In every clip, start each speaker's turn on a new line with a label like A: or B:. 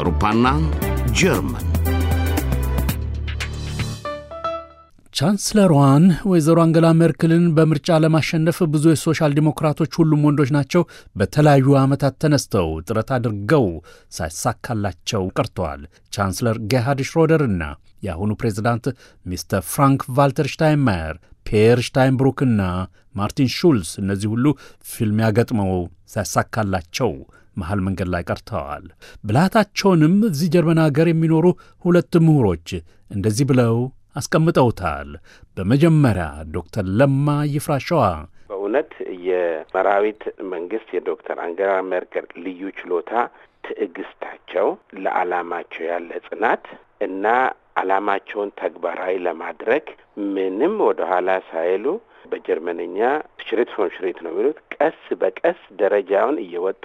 A: አውሮፓና
B: ጀርመን ቻንስለሯን ወይዘሮ አንገላ ሜርክልን በምርጫ ለማሸነፍ ብዙ የሶሻል ዲሞክራቶች ሁሉም ወንዶች ናቸው በተለያዩ ዓመታት ተነስተው ጥረት አድርገው ሳይሳካላቸው ቀርተዋል። ቻንስለር ሽሮደር ሽሮደርና የአሁኑ ፕሬዚዳንት ሚስተር ፍራንክ ቫልተር ሽታይንማየር ፔር ሽታይንብሩክና ማርቲን ሹልስ እነዚህ ሁሉ ፊልም ያገጥመው ሳይሳካላቸው መሃል መንገድ ላይ ቀርተዋል። ብልሃታቸውንም እዚህ ጀርመን አገር የሚኖሩ ሁለት ምሁሮች እንደዚህ ብለው አስቀምጠውታል። በመጀመሪያ ዶክተር ለማ ይፍራሸዋ
A: በእውነት የመራዊት መንግስት የዶክተር አንገላ ሜርከል ልዩ ችሎታ ትዕግስታቸው፣ ለዓላማቸው ያለ ጽናት እና ዓላማቸውን ተግባራዊ ለማድረግ ምንም ወደኋላ ሳይሉ በጀርመንኛ ሽሬት ፎን ሽሬት ነው የሚሉት። ቀስ በቀስ ደረጃውን እየወጡ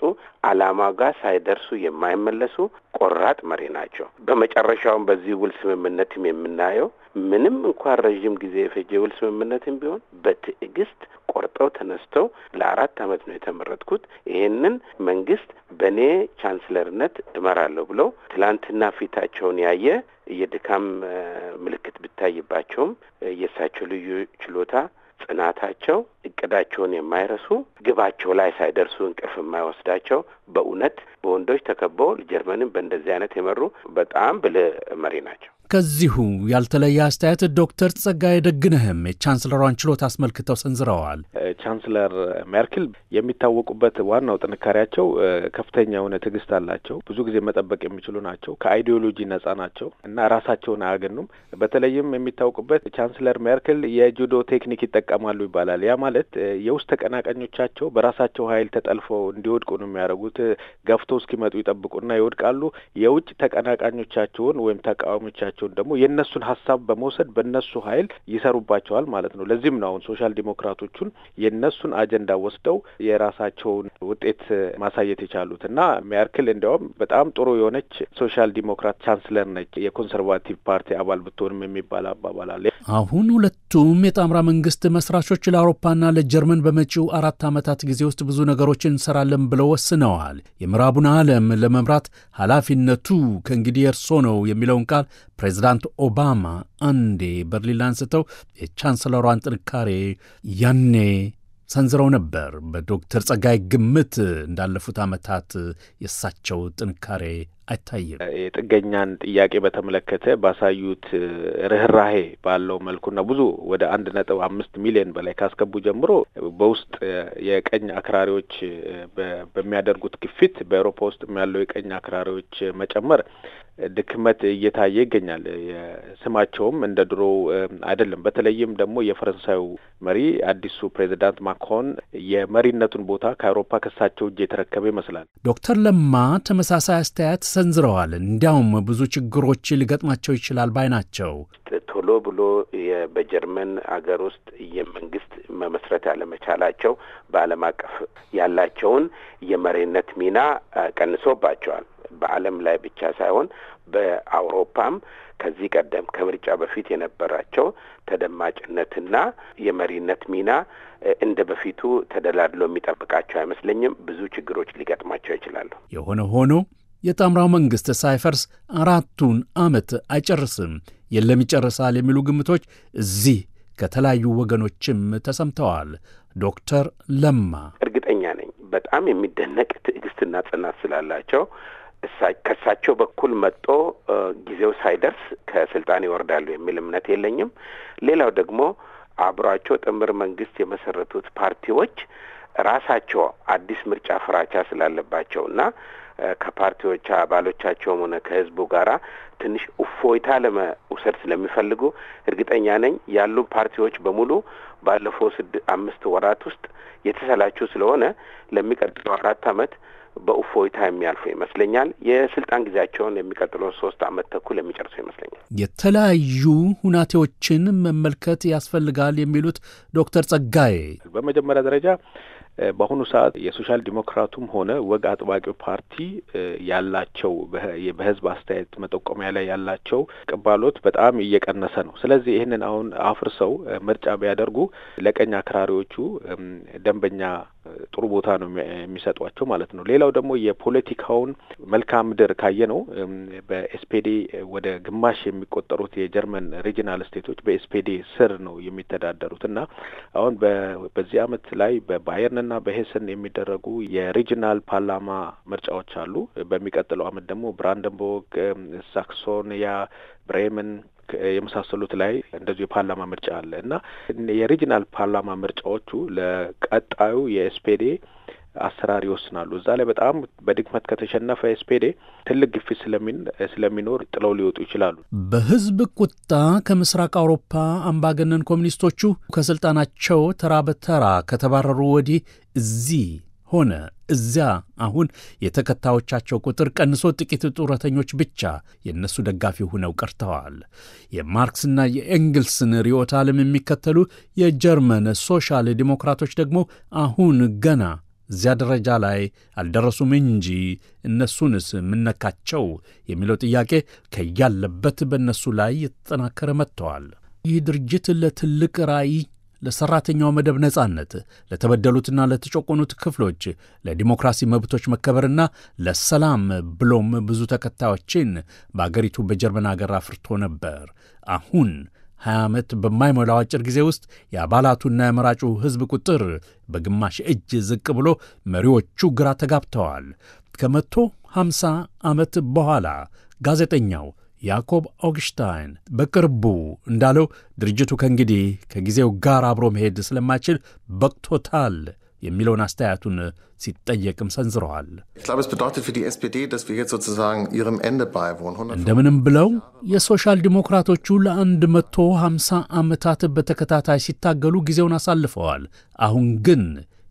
A: አላማው ጋር ሳይደርሱ የማይመለሱ ቆራጥ መሪ ናቸው። በመጨረሻውም በዚህ ውል ስምምነትም የምናየው ምንም እንኳን ረዥም ጊዜ የፈጀ ውል ስምምነትም ቢሆን በትዕግስት ቆርጠው ተነስተው ለአራት ዓመት ነው የተመረጥኩት፣ ይህንን መንግስት በእኔ ቻንስለርነት እመራለሁ ብለው ትላንትና ፊታቸውን ያየ የድካም ምልክት ብታይባቸውም የእሳቸው ልዩ ችሎታ ጽናታቸው፣ እቅዳቸውን የማይረሱ ግባቸው ላይ ሳይደርሱ እንቅልፍ የማይወስዳቸው በእውነት በወንዶች ተከበው ጀርመንን በእንደዚህ አይነት የመሩ
C: በጣም ብልህ መሪ ናቸው።
B: ከዚሁ ያልተለየ አስተያየት ዶክተር ጸጋይ ደግነህም የቻንስለሯን ችሎት አስመልክተው ሰንዝረዋል።
C: ቻንስለር ሜርክል የሚታወቁበት ዋናው ጥንካሬያቸው ከፍተኛ የሆነ ትዕግስት አላቸው። ብዙ ጊዜ መጠበቅ የሚችሉ ናቸው። ከአይዲዮሎጂ ነጻ ናቸው እና ራሳቸውን አያገኑም። በተለይም የሚታወቁበት ቻንስለር ሜርክል የጁዶ ቴክኒክ ይጠቀማሉ ይባላል። ያ ማለት የውስጥ ተቀናቃኞቻቸው በራሳቸው ኃይል ተጠልፈው እንዲወድቁ ነው የሚያደርጉት። ገፍቶ እስኪመጡ ይጠብቁና ይወድቃሉ። የውጭ ተቀናቃኞቻቸውን ወይም ተቃዋሚዎቻቸው ያላቸውን ደግሞ የእነሱን ሀሳብ በመውሰድ በእነሱ ኃይል ይሰሩባቸዋል ማለት ነው። ለዚህም ነው አሁን ሶሻል ዲሞክራቶቹን የእነሱን አጀንዳ ወስደው የራሳቸውን ውጤት ማሳየት የቻሉት እና ሜርክል እንዲያውም በጣም ጥሩ የሆነች ሶሻል ዲሞክራት ቻንስለር ነች። የኮንሰርቫቲቭ ፓርቲ አባል ብትሆንም የሚባል አባባል አለ።
B: አሁን ሁለቱም የጣምራ መንግስት መስራቾች ለአውሮፓና ለጀርመን በመጪው አራት ዓመታት ጊዜ ውስጥ ብዙ ነገሮችን እንሰራለን ብለው ወስነዋል። የምዕራቡን ዓለም ለመምራት ኃላፊነቱ ከእንግዲህ እርሶ ነው የሚለውን ቃል ፕሬዚዳንት ኦባማ አንዴ በርሊን አንስተው የቻንስለሯን ጥንካሬ ያኔ ሰንዝረው ነበር። በዶክተር ጸጋይ ግምት እንዳለፉት ዓመታት የእሳቸው ጥንካሬ አይታይም።
C: የጥገኛን ጥያቄ በተመለከተ ባሳዩት ርኅራሄ ባለው መልኩና ብዙ ወደ አንድ ነጥብ አምስት ሚሊዮን በላይ ካስገቡ ጀምሮ በውስጥ የቀኝ አክራሪዎች በሚያደርጉት ግፊት በአውሮፓ ውስጥም ያለው የቀኝ አክራሪዎች መጨመር ድክመት እየታየ ይገኛል። ስማቸውም እንደ ድሮ አይደለም። በተለይም ደግሞ የፈረንሳዩ መሪ አዲሱ ፕሬዚዳንት ማክሮን የመሪነቱን ቦታ ከአውሮፓ ከሳቸው እጅ የተረከበ ይመስላል።
B: ዶክተር ለማ ተመሳሳይ አስተያየት ሰንዝረዋል። እንዲያውም ብዙ ችግሮች ሊገጥማቸው ይችላል ባይ ናቸው።
C: ቶሎ ብሎ በጀርመን
A: አገር ውስጥ የመንግስት መመስረት ያለመቻላቸው በዓለም አቀፍ ያላቸውን የመሪነት ሚና ቀንሶባቸዋል። በዓለም ላይ ብቻ ሳይሆን በአውሮፓም ከዚህ ቀደም ከምርጫ በፊት የነበራቸው ተደማጭነትና የመሪነት ሚና እንደ በፊቱ ተደላድሎ የሚጠብቃቸው አይመስለኝም። ብዙ ችግሮች ሊገጥማቸው ይችላሉ።
B: የሆነ ሆኖ የጣምራው መንግሥት ሳይፈርስ አራቱን ዓመት አይጨርስም፣ የለም ይጨርሳል የሚሉ ግምቶች እዚህ ከተለያዩ ወገኖችም ተሰምተዋል። ዶክተር ለማ እርግጠኛ ነኝ
A: በጣም የሚደነቅ ትዕግስትና ጽናት ስላላቸው ከእሳቸው በኩል መጥቶ ጊዜው ሳይደርስ ከስልጣን ይወርዳሉ የሚል እምነት የለኝም። ሌላው ደግሞ አብሯቸው ጥምር መንግስት የመሰረቱት ፓርቲዎች ራሳቸው አዲስ ምርጫ ፍራቻ እና ከፓርቲዎች አባሎቻቸውም ሆነ ከህዝቡ ጋራ ትንሽ እፎይታ ለመውሰድ ስለሚፈልጉ እርግጠኛ ነኝ ያሉ ፓርቲዎች በሙሉ ባለፈው ስድ አምስት ወራት ውስጥ የተሰላችሁ ስለሆነ ለሚቀጥለው አራት አመት በእፎይታ የሚያልፉ ይመስለኛል። የስልጣን ጊዜያቸውን የሚቀጥለው
C: ሶስት አመት ተኩል የሚጨርሱ ይመስለኛል።
B: የተለያዩ ሁናቴዎችን መመልከት ያስፈልጋል የሚሉት ዶክተር ጸጋዬ
C: በመጀመሪያ ደረጃ በአሁኑ ሰዓት የሶሻል ዲሞክራቱም ሆነ ወግ አጥባቂው ፓርቲ ያላቸው በህዝብ አስተያየት መጠቆሚያ ላይ ያላቸው ቅባሎት በጣም እየቀነሰ ነው። ስለዚህ ይህንን አሁን አፍርሰው ምርጫ ቢያደርጉ ለቀኝ አክራሪዎቹ ደንበኛ ጥሩ ቦታ ነው የሚሰጧቸው ማለት ነው። ሌላው ደግሞ የፖለቲካውን መልክዓ ምድር ካየ ነው በኤስፔዴ ወደ ግማሽ የሚቆጠሩት የጀርመን ሪጂናል ስቴቶች በኤስፔዴ ስር ነው የሚተዳደሩት እና አሁን በዚህ አመት ላይ በባየርንና በሄስን የሚደረጉ የሪጂናል ፓርላማ ምርጫዎች አሉ። በሚቀጥለው አመት ደግሞ ብራንደንቡርግ፣ ሳክሶንያ፣ ብሬመን የመሳሰሉት ላይ እንደዚሁ የፓርላማ ምርጫ አለ እና የሪጂናል ፓርላማ ምርጫዎቹ ለቀጣዩ የኤስፔዴ አሰራር ይወስናሉ። እዛ ላይ በጣም በድክመት ከተሸነፈ ኤስፔዴ ትልቅ ግፊት ስለሚን ስለሚኖር ጥለው ሊወጡ ይችላሉ።
B: በህዝብ ቁጣ ከምስራቅ አውሮፓ አምባገነን ኮሚኒስቶቹ ከስልጣናቸው ተራ በተራ ከተባረሩ ወዲህ እዚህ ሆነ እዚያ አሁን የተከታዮቻቸው ቁጥር ቀንሶ ጥቂት ጡረተኞች ብቻ የእነሱ ደጋፊ ሆነው ቀርተዋል። የማርክስና የኤንግልስን ርዕዮተ ዓለም የሚከተሉ የጀርመን ሶሻል ዲሞክራቶች ደግሞ አሁን ገና እዚያ ደረጃ ላይ አልደረሱም እንጂ እነሱንስ ምነካቸው የሚለው ጥያቄ ከያለበት በእነሱ ላይ የተጠናከረ መጥተዋል። ይህ ድርጅት ለትልቅ ራዕይ ለሰራተኛው መደብ ነጻነት፣ ለተበደሉትና ለተጨቆኑት ክፍሎች፣ ለዲሞክራሲ መብቶች መከበርና ለሰላም ብሎም ብዙ ተከታዮችን በአገሪቱ በጀርመን አገር አፍርቶ ነበር። አሁን 20 ዓመት በማይሞላው አጭር ጊዜ ውስጥ የአባላቱና የመራጩ ሕዝብ ቁጥር በግማሽ እጅ ዝቅ ብሎ መሪዎቹ ግራ ተጋብተዋል። ከመቶ 50 ዓመት በኋላ ጋዜጠኛው ያዕቆብ ኦግሽታይን በቅርቡ እንዳለው ድርጅቱ ከእንግዲህ ከጊዜው ጋር አብሮ መሄድ ስለማይችል በቅቶታል የሚለውን አስተያየቱን ሲጠየቅም ሰንዝረዋል። እንደምንም ብለው የሶሻል ዲሞክራቶቹ ለአንድ መቶ 150 ዓመታት በተከታታይ ሲታገሉ ጊዜውን አሳልፈዋል። አሁን ግን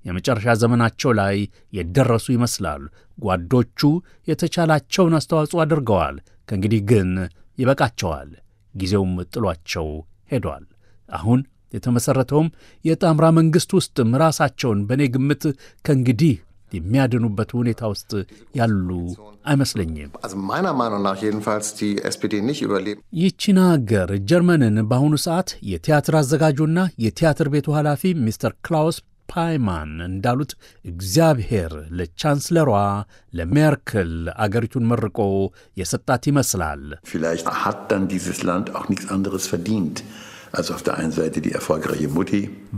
B: የመጨረሻ ዘመናቸው ላይ የደረሱ ይመስላል። ጓዶቹ የተቻላቸውን አስተዋጽኦ አድርገዋል። ከእንግዲህ ግን ይበቃቸዋል። ጊዜውም ጥሏቸው ሄዷል። አሁን የተመሠረተውም የጣምራ መንግሥት ውስጥም ራሳቸውን በእኔ ግምት ከእንግዲህ የሚያድኑበት ሁኔታ ውስጥ ያሉ አይመስለኝም። አገር ጀርመንን በአሁኑ ሰዓት የቲያትር አዘጋጁና የቲያትር ቤቱ ኃላፊ ሚስተር ክላውስ ፓይማን እንዳሉት እግዚአብሔር ለቻንስለሯ ለሜርክል አገሪቱን መርቆ የሰጣት ይመስላል።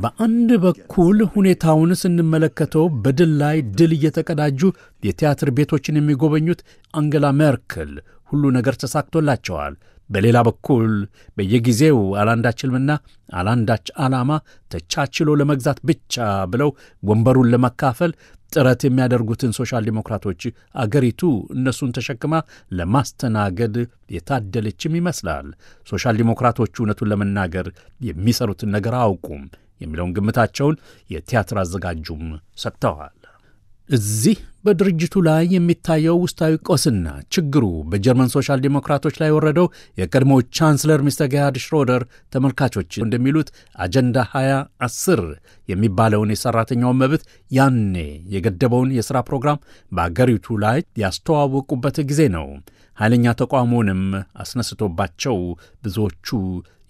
B: በአንድ በኩል ሁኔታውን ስንመለከተው በድል ላይ ድል እየተቀዳጁ የቲያትር ቤቶችን የሚጎበኙት አንገላ ሜርክል ሁሉ ነገር ተሳክቶላቸዋል። በሌላ በኩል በየጊዜው አላንዳች ሕልምና አላንዳች ዓላማ ተቻችሎ ለመግዛት ብቻ ብለው ወንበሩን ለመካፈል ጥረት የሚያደርጉትን ሶሻል ዲሞክራቶች አገሪቱ እነሱን ተሸክማ ለማስተናገድ የታደለችም ይመስላል። ሶሻል ዲሞክራቶቹ እውነቱን ለመናገር የሚሰሩትን ነገር አያውቁም የሚለውን ግምታቸውን የቲያትር አዘጋጁም ሰጥተዋል። እዚህ በድርጅቱ ላይ የሚታየው ውስጣዊ ቆስና ችግሩ በጀርመን ሶሻል ዲሞክራቶች ላይ የወረደው የቀድሞ ቻንስለር ሚስተር ገርሃርድ ሽሮደር ተመልካቾች እንደሚሉት አጀንዳ 2010 የሚባለውን የሠራተኛውን መብት ያኔ የገደበውን የሥራ ፕሮግራም በአገሪቱ ላይ ያስተዋወቁበት ጊዜ ነው። ኃይለኛ ተቃውሞንም አስነስቶባቸው ብዙዎቹ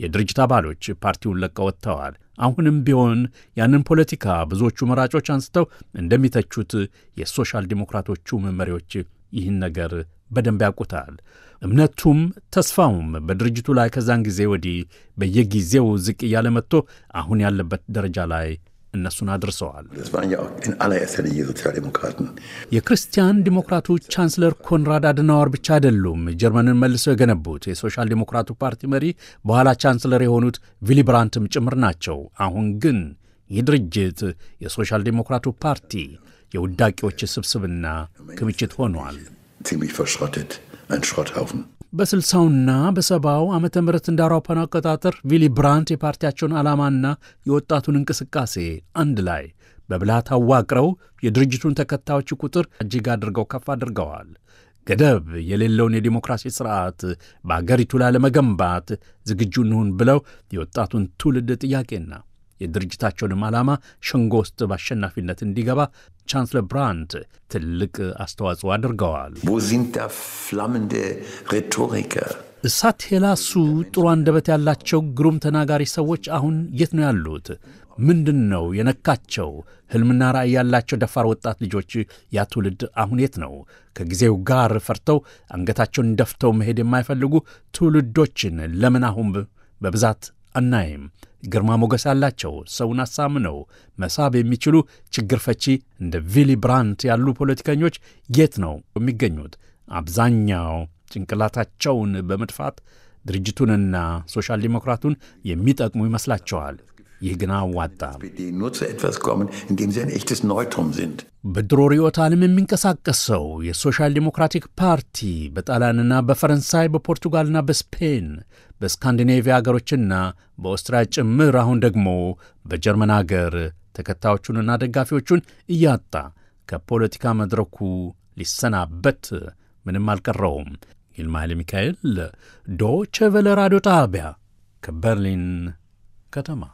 B: የድርጅት አባሎች ፓርቲውን ለቀው ወጥተዋል። አሁንም ቢሆን ያንን ፖለቲካ ብዙዎቹ መራጮች አንስተው እንደሚተቹት የሶሻል ዲሞክራቶቹ መመሪዎች ይህን ነገር በደንብ ያውቁታል። እምነቱም ተስፋውም በድርጅቱ ላይ ከዛን ጊዜ ወዲህ በየጊዜው ዝቅ እያለ መጥቶ አሁን ያለበት ደረጃ ላይ እነሱን አድርሰዋል። የክርስቲያን ዲሞክራቱ ቻንስለር ኮንራድ አድናዋር ብቻ አይደሉም ጀርመንን መልሰው የገነቡት። የሶሻል ዲሞክራቱ ፓርቲ መሪ በኋላ ቻንስለር የሆኑት ቪሊብራንትም ጭምር ናቸው። አሁን ግን ይህ ድርጅት የሶሻል ዲሞክራቱ ፓርቲ የውዳቂዎች ስብስብና ክምችት ሆኗል። በስልሳውና በሰባው ዓመተ ምህረት እንደ አውሮፓን አቆጣጠር ቪሊ ብራንት የፓርቲያቸውን ዓላማና የወጣቱን እንቅስቃሴ አንድ ላይ በብልሃት አዋቅረው የድርጅቱን ተከታዮች ቁጥር እጅግ አድርገው ከፍ አድርገዋል። ገደብ የሌለውን የዲሞክራሲ ስርዓት በአገሪቱ ላለመገንባት ዝግጁ እንሁን ብለው የወጣቱን ትውልድ ጥያቄና የድርጅታቸውንም ዓላማ ሸንጎ ውስጥ በአሸናፊነት እንዲገባ ቻንስለር ብራንት ትልቅ አስተዋጽኦ አድርገዋል። የላሱ ጥሩ አንደበት ያላቸው ግሩም ተናጋሪ ሰዎች አሁን የት ነው ያሉት? ምንድን ነው የነካቸው? ሕልምና ራዕይ ያላቸው ደፋር ወጣት ልጆች ያ ትውልድ አሁን የት ነው? ከጊዜው ጋር ፈርተው አንገታቸውን ደፍተው መሄድ የማይፈልጉ ትውልዶችን ለምን አሁን በብዛት አናይም? ግርማ ሞገስ አላቸው ሰውን አሳምነው መሳብ የሚችሉ ችግር ፈቺ እንደ ቪሊ ብራንት ያሉ ፖለቲከኞች የት ነው የሚገኙት? አብዛኛው ጭንቅላታቸውን በመድፋት ድርጅቱንና ሶሻል ዲሞክራቱን የሚጠቅሙ ይመስላቸዋል። ይህ ግን አዋጣ። በድሮ ርዕዮተ ዓለም የሚንቀሳቀሰው የሶሻል ዲሞክራቲክ ፓርቲ በጣሊያንና በፈረንሳይ በፖርቱጋልና በስፔን በስካንዲኔቪያ አገሮችና በኦስትሪያ ጭምር አሁን ደግሞ በጀርመን አገር ተከታዮቹንና ደጋፊዎቹን እያጣ ከፖለቲካ መድረኩ ሊሰናበት ምንም አልቀረውም። ይልማ ኃይለ ሚካኤል ዶቼ ቬለ ራዲዮ ጣቢያ ከበርሊን ከተማ